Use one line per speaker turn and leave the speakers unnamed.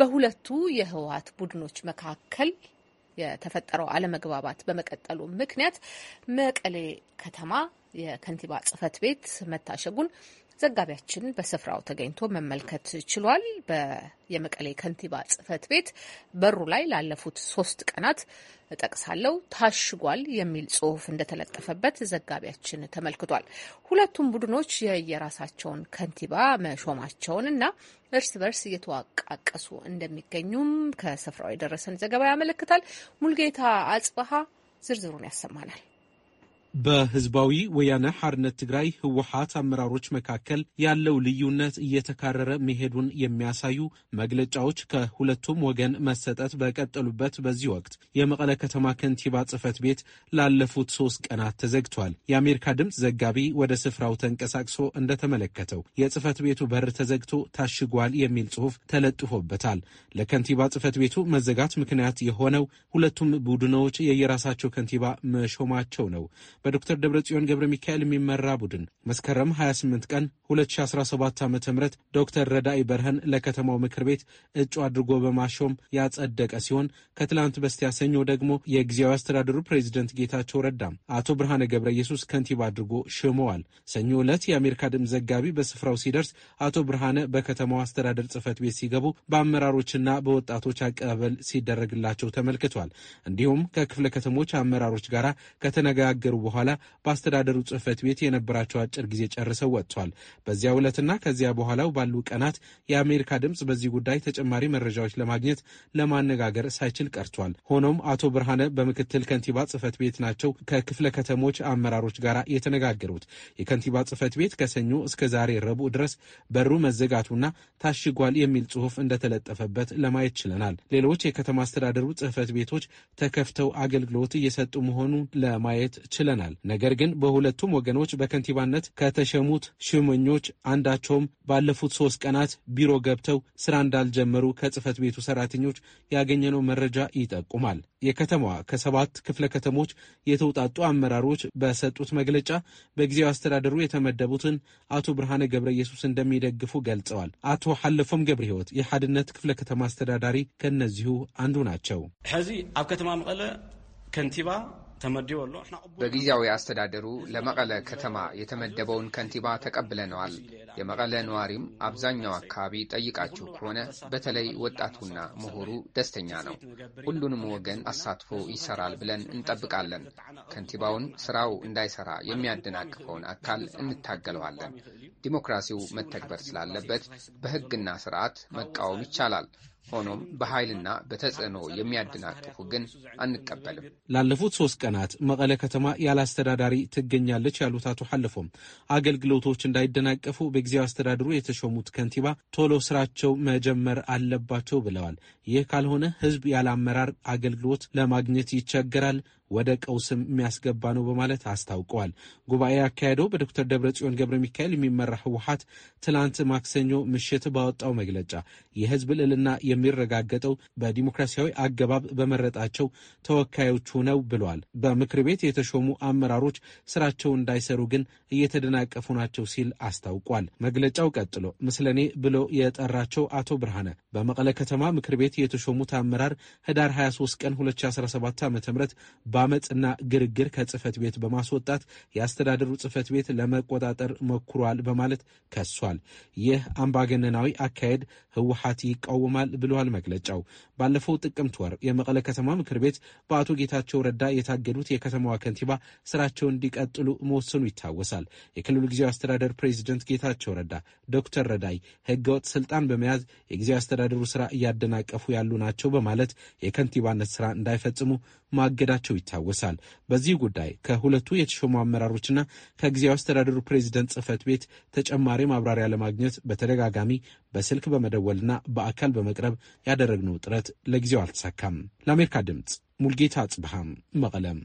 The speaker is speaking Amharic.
በሁለቱ የህወሀት ቡድኖች መካከል የተፈጠረው አለመግባባት በመቀጠሉ ምክንያት መቀሌ ከተማ የከንቲባ ጽህፈት ቤት መታሸጉን ዘጋቢያችን በስፍራው ተገኝቶ መመልከት ችሏል። የመቀሌ ከንቲባ ጽህፈት ቤት በሩ ላይ ላለፉት ሶስት ቀናት እጠቅሳለሁ ታሽጓል የሚል ጽሁፍ እንደተለጠፈበት ዘጋቢያችን ተመልክቷል። ሁለቱም ቡድኖች የየራሳቸውን ከንቲባ መሾማቸውን እና እርስ በርስ እየተዋቃቀሱ እንደሚገኙም ከስፍራው የደረሰን ዘገባ ያመለክታል። ሙልጌታ አጽበሃ ዝርዝሩን ያሰማናል።
በህዝባዊ ወያነ ሐርነት ትግራይ ህወሓት አመራሮች መካከል ያለው ልዩነት እየተካረረ መሄዱን የሚያሳዩ መግለጫዎች ከሁለቱም ወገን መሰጠት በቀጠሉበት በዚህ ወቅት የመቀለ ከተማ ከንቲባ ጽህፈት ቤት ላለፉት ሶስት ቀናት ተዘግቷል። የአሜሪካ ድምፅ ዘጋቢ ወደ ስፍራው ተንቀሳቅሶ እንደተመለከተው የጽህፈት ቤቱ በር ተዘግቶ ታሽጓል የሚል ጽሑፍ ተለጥፎበታል። ለከንቲባ ጽህፈት ቤቱ መዘጋት ምክንያት የሆነው ሁለቱም ቡድኖች የየራሳቸው ከንቲባ መሾማቸው ነው። በዶክተር ደብረጽዮን ገብረ ሚካኤል የሚመራ ቡድን መስከረም 28 ቀን 2017 ዓ ም ዶክተር ረዳኢ በርሀን ለከተማው ምክር ቤት እጩ አድርጎ በማሾም ያጸደቀ ሲሆን ከትላንት በስቲያ ሰኞ ደግሞ የጊዜያዊ አስተዳደሩ ፕሬዚደንት ጌታቸው ረዳም አቶ ብርሃነ ገብረ ኢየሱስ ከንቲባ አድርጎ ሽመዋል። ሰኞ ዕለት የአሜሪካ ድምፅ ዘጋቢ በስፍራው ሲደርስ አቶ ብርሃነ በከተማው አስተዳደር ጽህፈት ቤት ሲገቡ በአመራሮችና በወጣቶች አቀባበል ሲደረግላቸው ተመልክቷል። እንዲሁም ከክፍለ ከተሞች አመራሮች ጋር ከተነጋገሩ በኋላ በአስተዳደሩ ጽህፈት ቤት የነበራቸው አጭር ጊዜ ጨርሰው ወጥቷል። በዚያ ዕለትና ከዚያ በኋላው ባሉ ቀናት የአሜሪካ ድምፅ በዚህ ጉዳይ ተጨማሪ መረጃዎች ለማግኘት ለማነጋገር ሳይችል ቀርቷል። ሆኖም አቶ ብርሃነ በምክትል ከንቲባ ጽህፈት ቤት ናቸው ከክፍለ ከተሞች አመራሮች ጋር የተነጋገሩት። የከንቲባ ጽህፈት ቤት ከሰኞ እስከ ዛሬ ረቡዕ ድረስ በሩ መዘጋቱና ታሽጓል የሚል ጽሁፍ እንደተለጠፈበት ለማየት ችለናል። ሌሎች የከተማ አስተዳደሩ ጽህፈት ቤቶች ተከፍተው አገልግሎት እየሰጡ መሆኑን ለማየት ችለናል። ይሆናል። ነገር ግን በሁለቱም ወገኖች በከንቲባነት ከተሸሙት ሽመኞች አንዳቸውም ባለፉት ሶስት ቀናት ቢሮ ገብተው ስራ እንዳልጀመሩ ከጽህፈት ቤቱ ሰራተኞች ያገኘነው መረጃ ይጠቁማል። የከተማዋ ከሰባት ክፍለ ከተሞች የተውጣጡ አመራሮች በሰጡት መግለጫ በጊዜያዊ አስተዳደሩ የተመደቡትን አቶ ብርሃነ ገብረ ኢየሱስ እንደሚደግፉ ገልጸዋል። አቶ ሐለፎም ገብረ ህይወት የሓድነት ክፍለ ከተማ አስተዳዳሪ ከነዚሁ አንዱ ናቸው።
ሕዚ ኣብ ከተማ መቐለ ከንቲባ በጊዜያዊ አስተዳደሩ ለመቀለ ከተማ የተመደበውን ከንቲባ ተቀብለነዋል። የመቀለ ነዋሪም አብዛኛው አካባቢ ጠይቃችሁ ከሆነ በተለይ ወጣቱና ምሁሩ ደስተኛ ነው። ሁሉንም ወገን አሳትፎ ይሰራል ብለን እንጠብቃለን። ከንቲባውን ስራው እንዳይሰራ የሚያደናቅፈውን አካል እንታገለዋለን። ዲሞክራሲው መተግበር ስላለበት በህግና ስርዓት መቃወም ይቻላል። ሆኖም በኃይልና በተጽዕኖ የሚያደናቅፉ ግን አንቀበልም።
ላለፉት ሶስት ቀናት መቀለ ከተማ ያለ አስተዳዳሪ ትገኛለች ያሉት አቶ ሐልፎም አገልግሎቶች እንዳይደናቀፉ በጊዜው አስተዳድሩ የተሾሙት ከንቲባ ቶሎ ስራቸው መጀመር አለባቸው ብለዋል። ይህ ካልሆነ ህዝብ ያለ አመራር አገልግሎት ለማግኘት ይቸገራል፣ ወደ ቀውስም የሚያስገባ ነው በማለት አስታውቀዋል። ጉባኤ ያካሄደው በዶክተር ደብረጽዮን ገብረ ሚካኤል የሚመራ ህወሀት ትናንት ማክሰኞ ምሽት ባወጣው መግለጫ የህዝብ ልዕልና የሚረጋገጠው በዲሞክራሲያዊ አገባብ በመረጣቸው ተወካዮቹ ነው ብለዋል። በምክር ቤት የተሾሙ አመራሮች ስራቸው እንዳይሰሩ ግን እየተደናቀፉ ናቸው ሲል አስታውቋል። መግለጫው ቀጥሎ ምስለኔ ብሎ የጠራቸው አቶ ብርሃነ በመቀለ ከተማ ምክር ቤት የተሾሙት አመራር ህዳር 23 ቀን 2017 ዓ ም በአመፅና ግርግር ከጽህፈት ቤት በማስወጣት የአስተዳደሩ ጽህፈት ቤት ለመቆጣጠር መኩሯል በማለት ከሷል። ይህ አምባገነናዊ አካሄድ ህወሀት ይቃወማል ብለዋል መግለጫው። ባለፈው ጥቅምት ወር የመቀለ ከተማ ምክር ቤት በአቶ ጌታቸው ረዳ የታገዱት የከተማዋ ከንቲባ ስራቸውን እንዲቀጥሉ መወሰኑ ይታወሳል። የክልሉ ጊዜያዊ አስተዳደር ፕሬዚደንት ጌታቸው ረዳ ዶክተር ረዳይ ህገወጥ ስልጣን በመያዝ የጊዜያዊ አስተዳደሩ ስራ እያደናቀፉ ያሉ ናቸው በማለት የከንቲባነት ስራ እንዳይፈጽሙ ማገዳቸው ይታል ይታወሳል። በዚህ ጉዳይ ከሁለቱ የተሾሙ አመራሮችና ከጊዜያዊ አስተዳደሩ ፕሬዚደንት ጽህፈት ቤት ተጨማሪ ማብራሪያ ለማግኘት በተደጋጋሚ በስልክ በመደወልና በአካል በመቅረብ ያደረግነው ጥረት ለጊዜው አልተሳካም። ለአሜሪካ ድምፅ ሙልጌታ አጽብሃም መቀለም